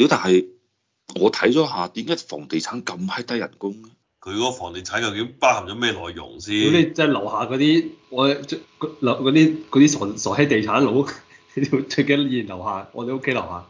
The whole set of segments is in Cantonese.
主但係我睇咗下，點解房地產咁閪低人工？佢嗰個房地產究竟包含咗咩內容先？即係樓下嗰啲，我即嗰啲嗰啲傻傻閪地產佬， 最近而家樓下我哋屋企樓下，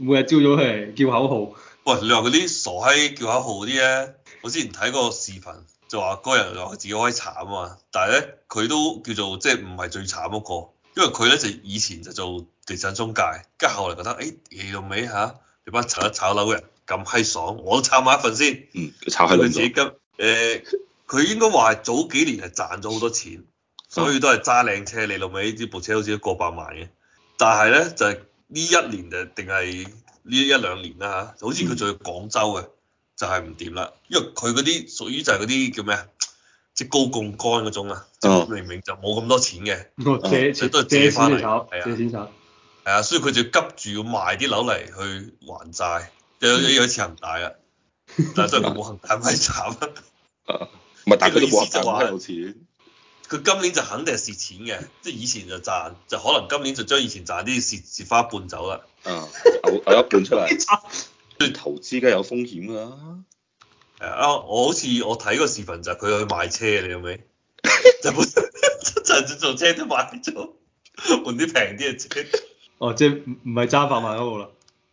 每日朝早係叫口號。喂，你話嗰啲傻閪叫口號啲咧？我之前睇過個視頻就話嗰個人話自己可以慘啊嘛，但係咧佢都叫做即係唔係最慘嗰個，因為佢咧就以前就做地產中介，跟住後嚟覺得誒嚟、哎、到尾吓？你班炒一炒樓嘅人咁閪爽，我都炒埋一份先。嗯，炒係佢自己。咁、呃、誒，佢應該話係早幾年係賺咗好多錢，嗯、所以都係揸靚車。你老尾呢部車好似都過百萬嘅，但係咧就係、是、呢一年就定係呢一兩年啦嚇。好似佢做廣州嘅、嗯、就係唔掂啦，因為佢嗰啲屬於就係嗰啲叫咩啊，即、就、係、是、高槓桿嗰種啊，即、嗯、明明就冇咁多錢嘅，嗯、借借借、借錢嚟炒，借錢炒。係啊，所以佢就急住要賣啲樓嚟去還債，又有有次恒大啦，但係真係冇恒大咪慘，唔係但佢都就話有錢，佢今年就肯定係蝕錢嘅，即係以前就賺，就可能今年就將以前賺啲蝕蝕翻一半走啦，啊，一半出嚟，即係投資梗係有風險噶啦，係啊，我好似我睇個視頻就係佢去賣車你有冇？就本身陣時做車都賣咗，換啲平啲嘅車。哦，即係唔唔係揸百萬嗰個咯，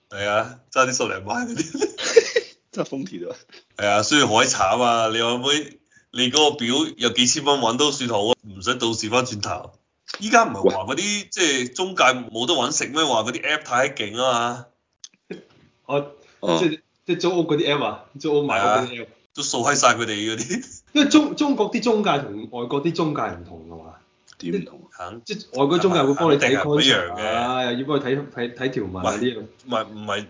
係啊、哎，揸啲十零萬嗰啲，揸豐田啊，係啊，需要海慘啊，你阿妹，你嗰個表有幾千蚊揾都算好，啊，唔使到時翻轉頭。依家唔係話嗰啲即係中介冇得揾食咩？話嗰啲 app 太勁啊嘛，哦，即係即係租屋嗰啲 app 啊，租 說、啊、屋賣屋買 APP、哎、呀都掃閪晒佢哋嗰啲。 因為中中國啲中介同外國啲中介唔同噶嘛。即係外國中介不會幫你睇一樣嘅、啊，要幫佢睇睇睇條文，唔係唔係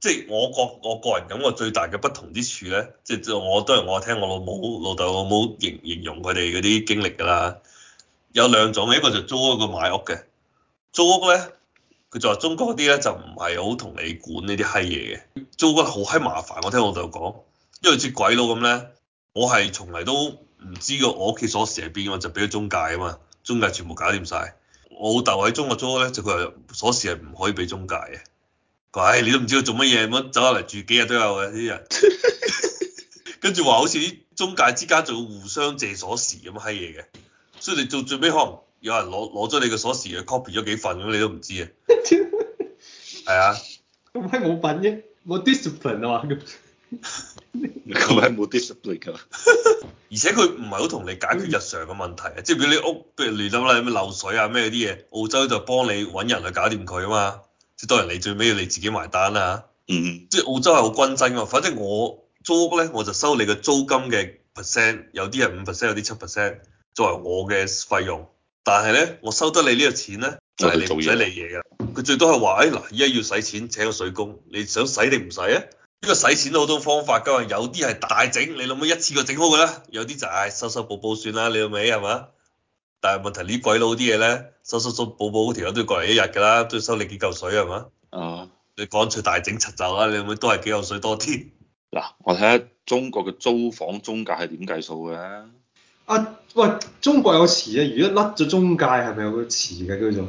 即係我個我個人感覺最大嘅不同之處咧，即、就、係、是、我都係我聽我老母老豆老母形形容佢哋嗰啲經歷㗎啦。有兩種嘅，一個就租屋，一個買屋嘅租屋咧，佢就話中國啲咧就唔係好同你管呢啲閪嘢嘅，租屋好閪麻煩。我聽我老豆講，因為似鬼佬咁咧，我係從嚟都唔知個我屋企鎖匙喺邊個，就俾咗中介啊嘛。中介全部搞掂晒。我老豆喺中國租咧，就佢話鎖匙係唔可以俾中介嘅。佢話：唉、哎，你都唔知佢做乜嘢，咁走下嚟住幾日都有嘅啲人。 跟住話好似啲中介之間仲要互相借鎖匙咁閪嘢嘅，所以你做最尾可能有人攞攞咗你嘅鎖匙，去 copy 咗幾份咁，你都唔知 啊。係啊。咁閪冇品啫，冇 discipline 啊嘛。佢係冇 discipline 㗎， 而且佢唔係好同你解決日常嘅問題，即係、嗯、比如你屋譬如亂咗啦，有咩漏水啊咩啲嘢，澳洲就幫你揾人去搞掂佢啊嘛，即係當然你最尾要你自己埋單啦、啊、嚇。嗯。即係澳洲係好均真㗎嘛，反正我租屋咧，我就收你嘅租金嘅 percent，有啲係五 percent，有啲七 percent 作為我嘅費用，但係咧我收得你呢個錢咧，就係你唔使理嘢啦。佢最多係話：哎嗱，依家要使錢請個水工，你想使定唔使啊？呢個使錢好多方法噶，有啲係大整，你諗下一次過整好嘅咧？有啲就唉收收補補算啦，你明未係嘛？但係問題呢鬼佬啲嘢咧，收收補補條友都要過嚟一日噶啦，都收你幾嚿水係嘛？哦、嗯，你乾脆大整七就啦，你諗下都係幾嚿水多添。嗱、啊，我睇下中國嘅租房中介係點計數嘅。啊，喂，中國有詞啊，如果甩咗中介係咪有個詞嘅？嗰種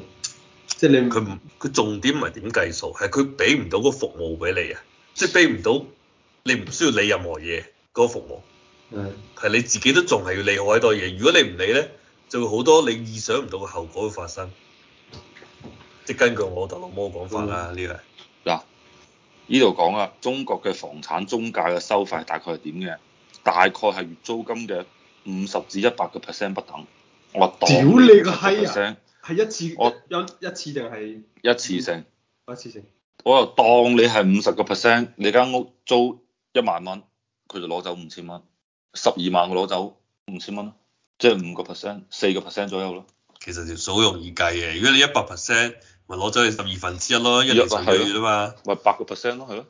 即係你佢唔佢重點唔係點計數，係佢俾唔到個服務俾你啊。即係俾唔到，你唔需要理任何嘢嗰個服務，係的你自己都仲係要理好多嘢。如果你唔理咧，就會好多你意想唔到嘅後果會發生。即根據我老魔講法啦，呢個嗱，呢度講啦，中國嘅房產中介嘅收費大概係點嘅？大概係月租金嘅五十至一百個 percent 不等。我屌你個閪啊！係我一次，我一一次定係一次性？一次性。我又當你係五十個 percent，你間屋租一萬蚊，佢就攞走五千蚊，十二萬佢攞走五千蚊咯，即係五個 percent，四個 percent 左右咯。其實條數容易計嘅，如果你一百 percent，咪攞走你十二分之一咯，一年十二個月啊嘛。咪八個 percent 咯，係咯。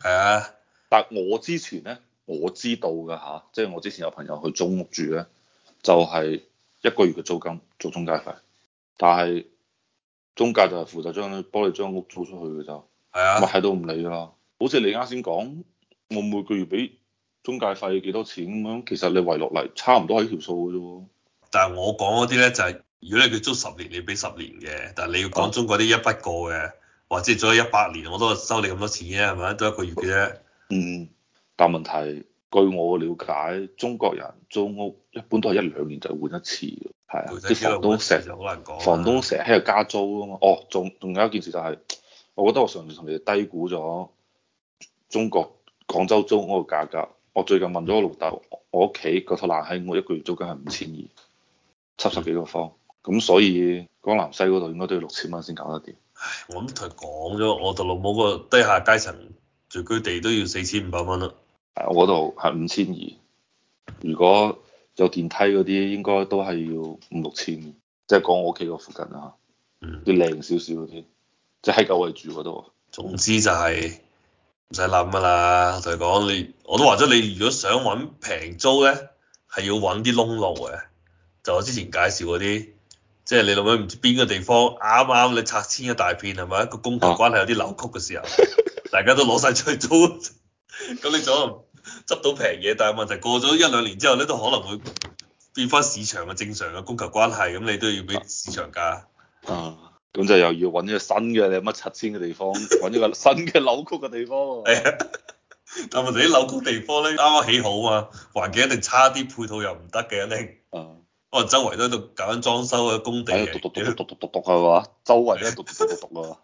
係啊，但我之前咧，我知道㗎吓，即係我之前有朋友去租屋住咧，就係一個月嘅租金做中介費，但係。中介就係負責將幫你將屋租出去嘅啫，咪係都唔理咯。好似你啱先講，我每個月俾中介費幾多錢咁樣，其實你圍落嚟差唔多係條數嘅啫。但係我講嗰啲咧就係、是，如果你要租十年，你俾十年嘅，但係你要講中國啲一筆過嘅，或者租咗一百年我都收你咁多錢嘅係咪？都一個月嘅啫。嗯，但問題據我了解，中國人租屋一般都係一兩年就換一次。係啊，啲房東成，房東成日喺度加租啊嘛。哦，仲仲有一件事就係、是，我覺得我上次同你哋低估咗中國廣州租屋嘅價格。我最近問咗我老豆，我屋企嗰套爛喺我一個月租金係五千二，七十幾個方。咁所以江南西嗰度應該都要六千蚊先搞得掂。唉，我諗佢講咗，我同老母嗰個低下階層住居地都要四千五百蚊啦。我度係五千二，如果。有電梯嗰啲應該都係要五六千，即係講我屋企嗰附近啊，啲靚少少嗰啲，即係喺舊位住嗰度。總之就係唔使諗噶啦，同你講，你我都話咗，你如果想揾平租咧，係要揾啲窿路嘅，就我之前介紹嗰啲，即係你諗下唔知邊個地方啱啱你拆遷一大片，係咪一個供求關係有啲扭曲嘅時候，啊、 大家都攞晒出去租，咁 你仲執到平嘢，但係問題，過咗一兩年之後咧，都可能會變翻市場嘅正常嘅供求關係，咁你都要俾市場價。啊，咁就又要搵一個新嘅，你有乜拆遷嘅地方，搵一個新嘅扭曲嘅地方。係啊，但問題啲扭曲地方咧，啱啱起好啊，環境一定差啲，配套又唔得嘅咧。一定啊，我周圍都喺度搞緊裝修嘅工地嘅，篤篤篤篤係嘛，周圍都篤篤篤篤啊！